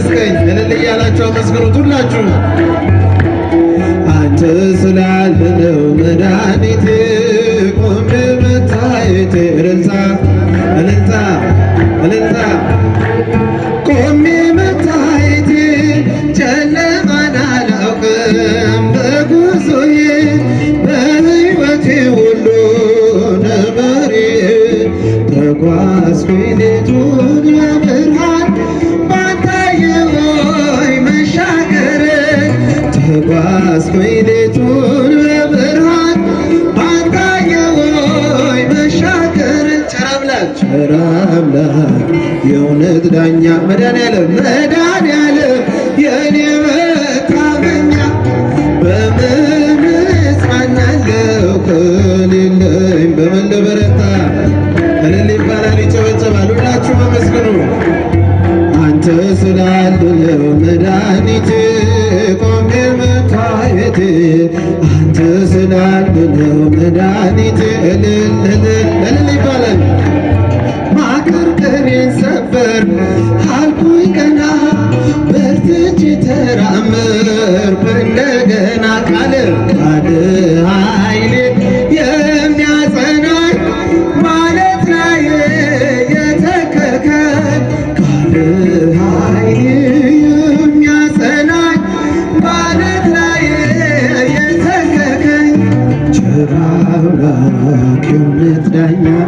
አስገኝ እልል እያላችሁ አመስግኑት ሁላችሁ። አንተ ስላለነው መድኃኒቴ ቆሜ መታየቴ እልልታ እልልታ እልልታ ዳኛ መድኃኔዓለም i kyo ne tra ya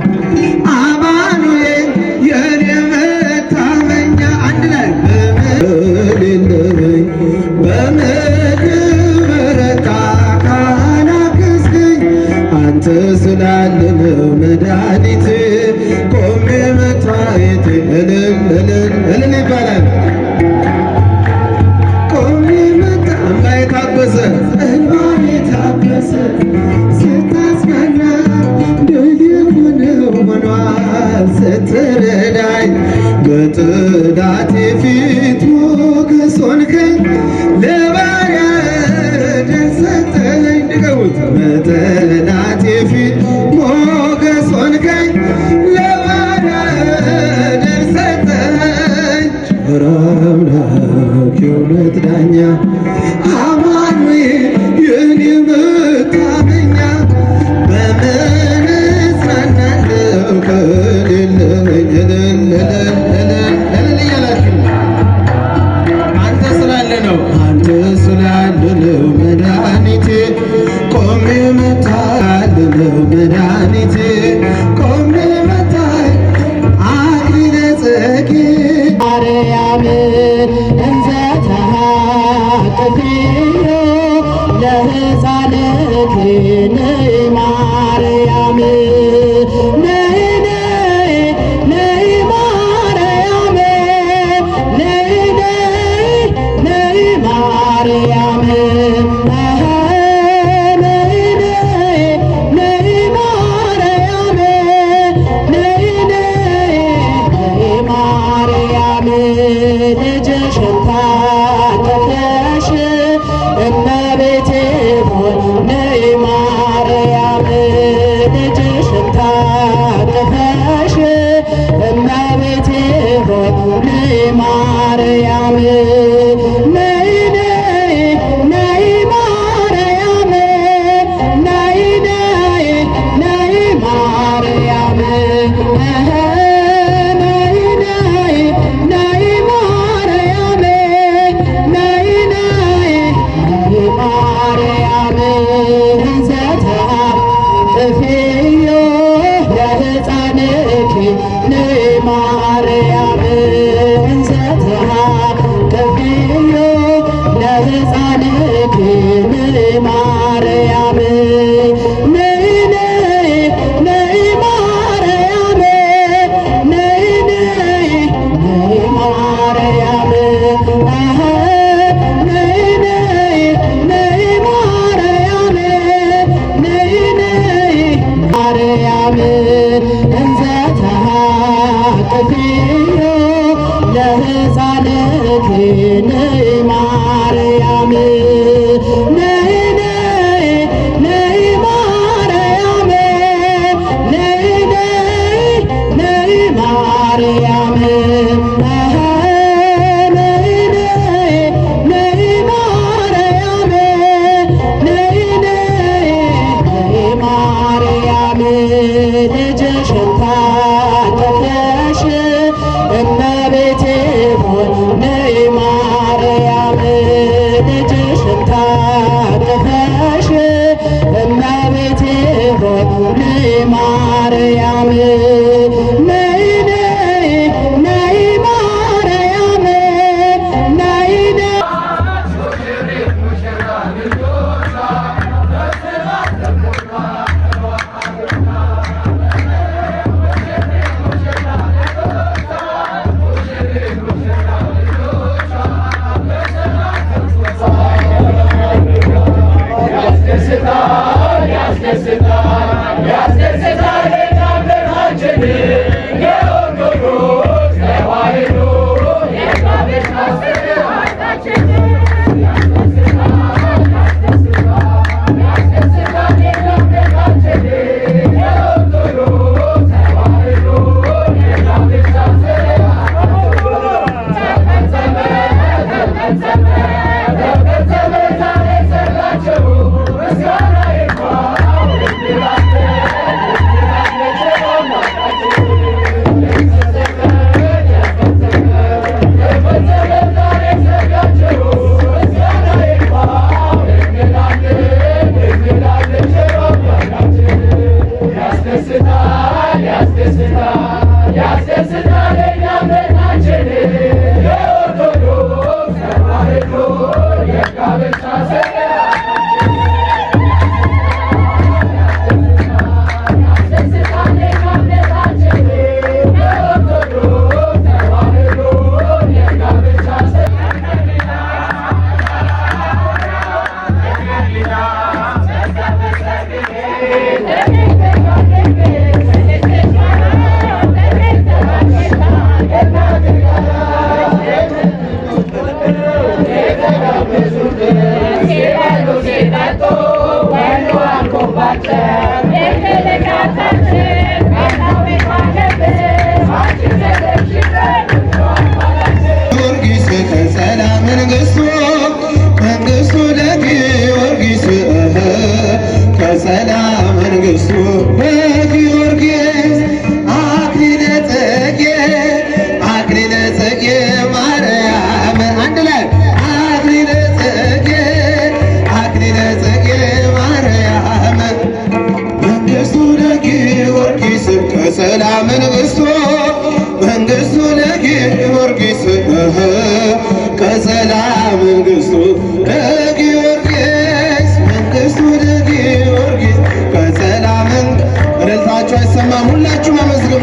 Oh. መንግስቱ ለጊዮርጊስ መንግስቱ ለጊዮርጊስ በሰላምን እልልታችሁ አይሰማም። ሁላችሁ አመስግኑ።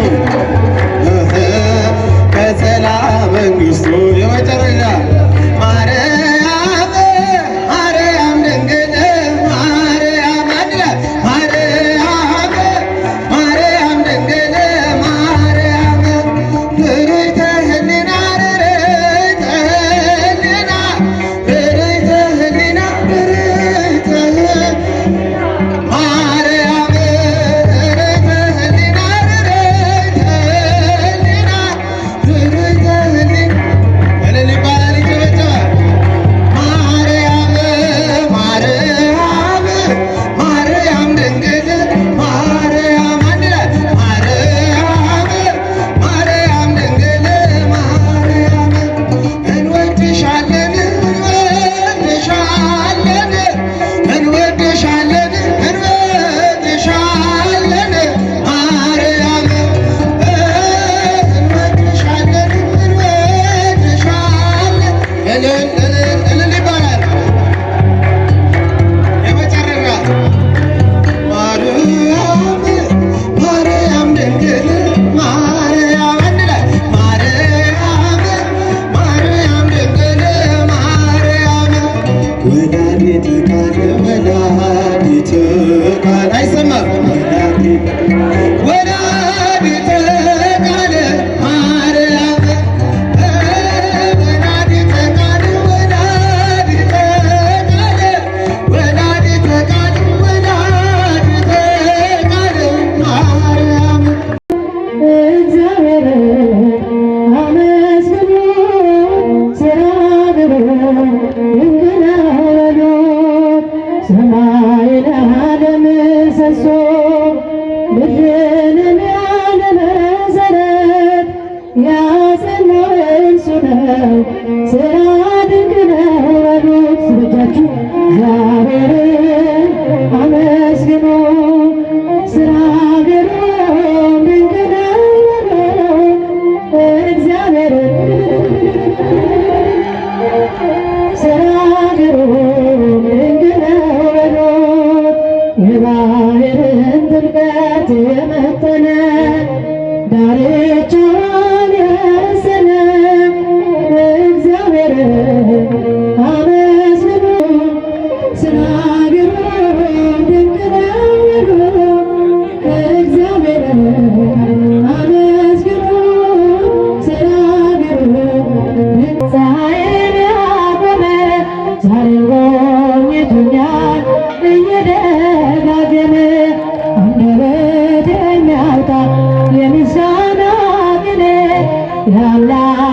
ሰላም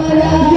para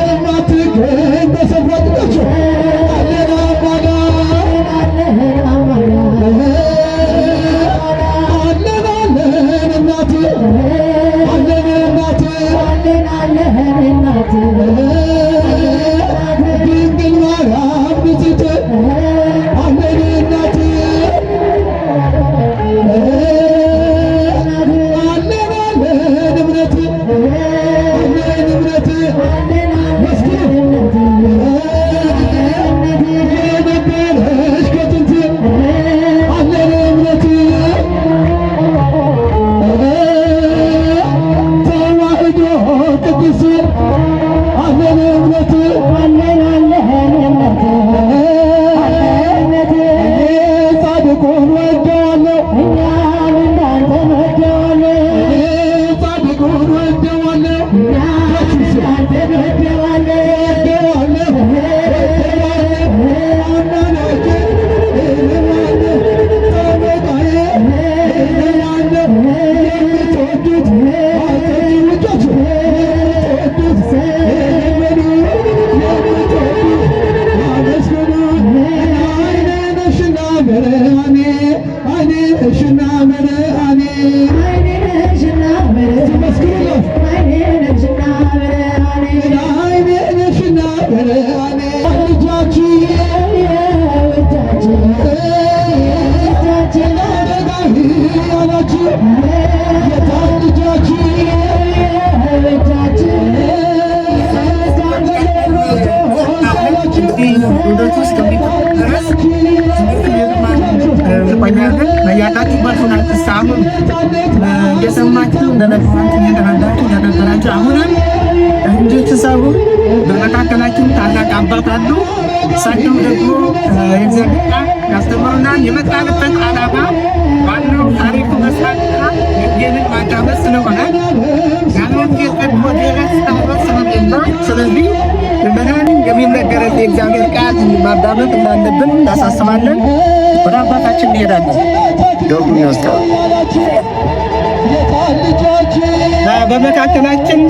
you. ይመጣሉ። እሳቸው ደግሞ የእግዚአብሔር ቃል ያስተምሩናል። የመጣንበት ዓላማ ዋናው ታሪክ መስራትና ወንጌልን ማዳመጥ ስለሆነ ያለወንጌል ደግሞ ድረስ ታበት ስለሌለ ስለዚህ ምዕመናን የሚነገረን የእግዚአብሔር ቃል ማዳመጥ እንዳለብን እናሳስባለን። ወደ አባታችን እንሄዳለን። ደጉ ይወስደዋል በመካከላችን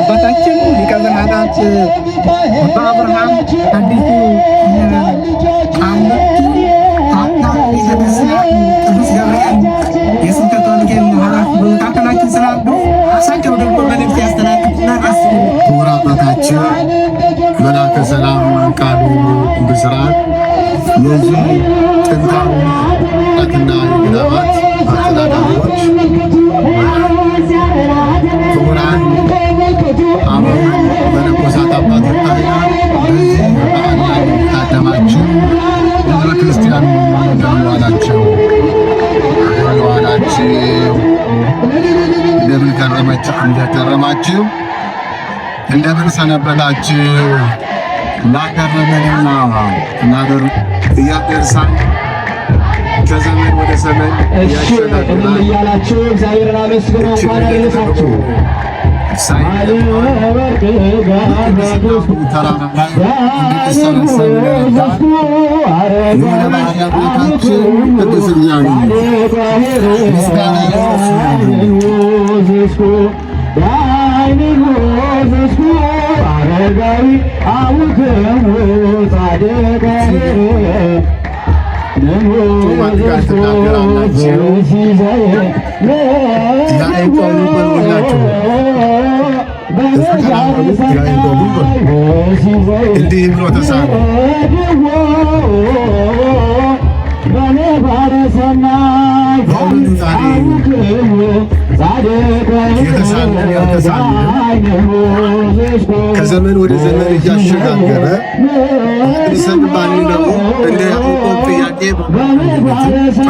አባታችን ሊቀ ካህናት አባ አብርሃም አዲሱ መላከ ሰላም አንቃሉ ብስራት የዚህ ጥንታዊ አትና ገዳማት አስተዳዳሪዎች እንደምን ሰነበታችሁ? ላከረመንና ናገሩ እያደርሳን ከዘመን ወደ ዘመን እያላችሁ እግዚአብሔርን አመስግኑ። እንኳን አደረሳችሁ። ተራራ yesu aregai awuzewo sadekere nemo yesu zeosizaye እንዲህ ብሎ ተሳለ በኔ ባረሰናይ አውቅዎ ከዘመን ወደ ዘመን እያሸጋገረ ርዕሰን ባንነቡ እንደ ያዕቆብ ጥያቄ ክብር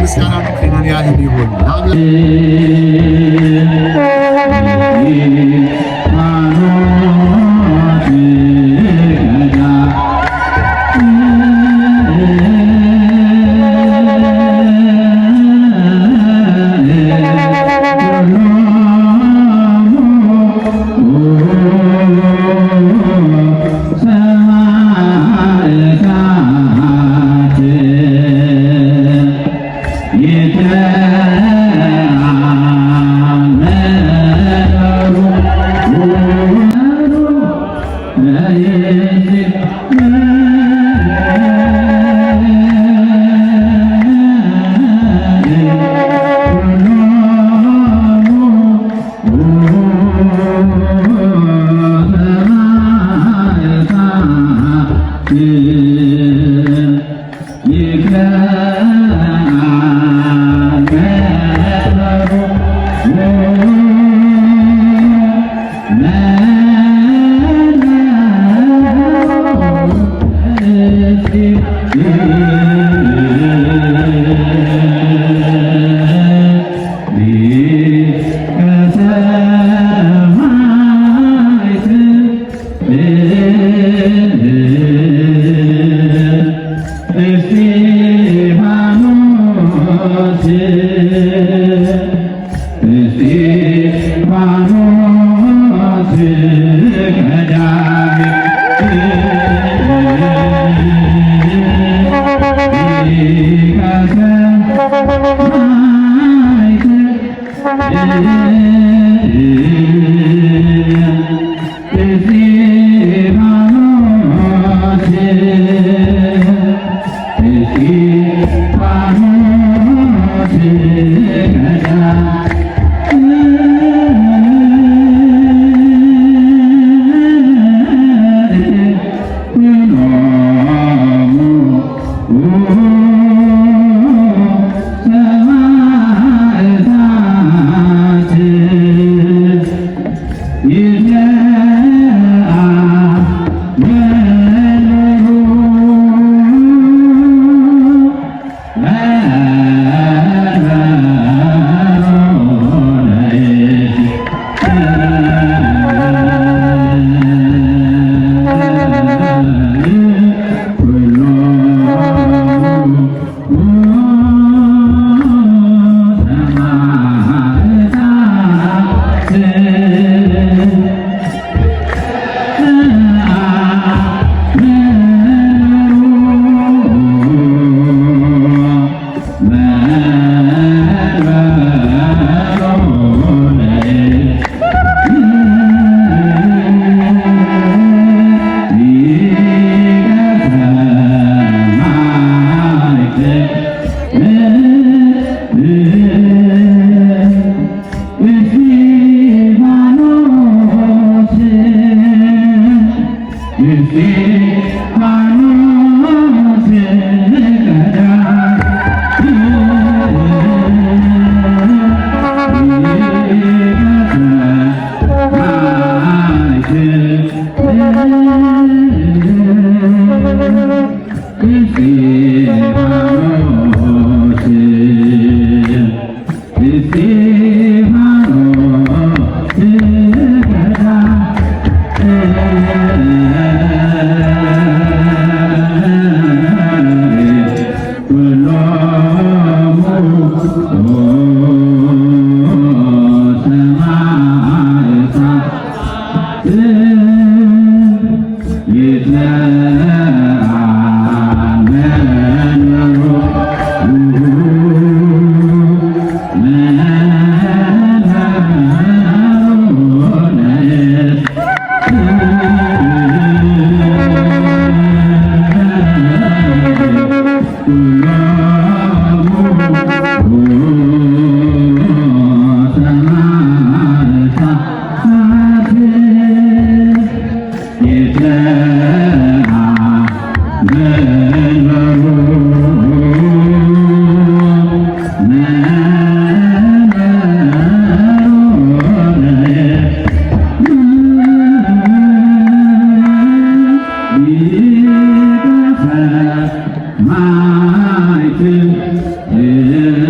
ምስጋና ያህል Yeah. Thank you. Yüzüm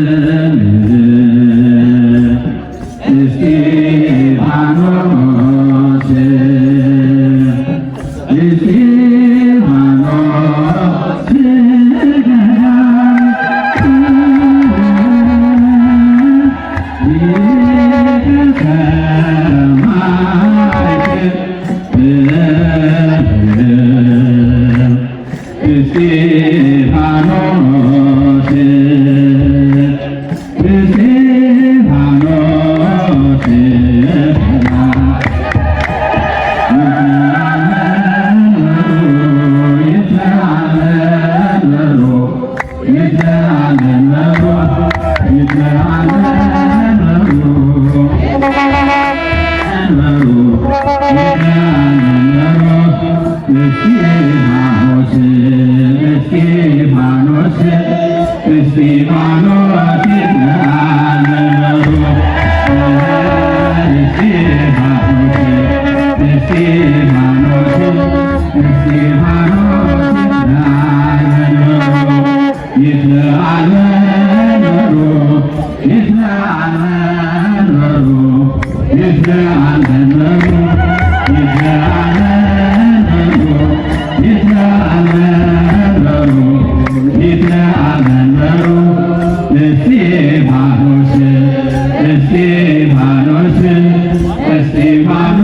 If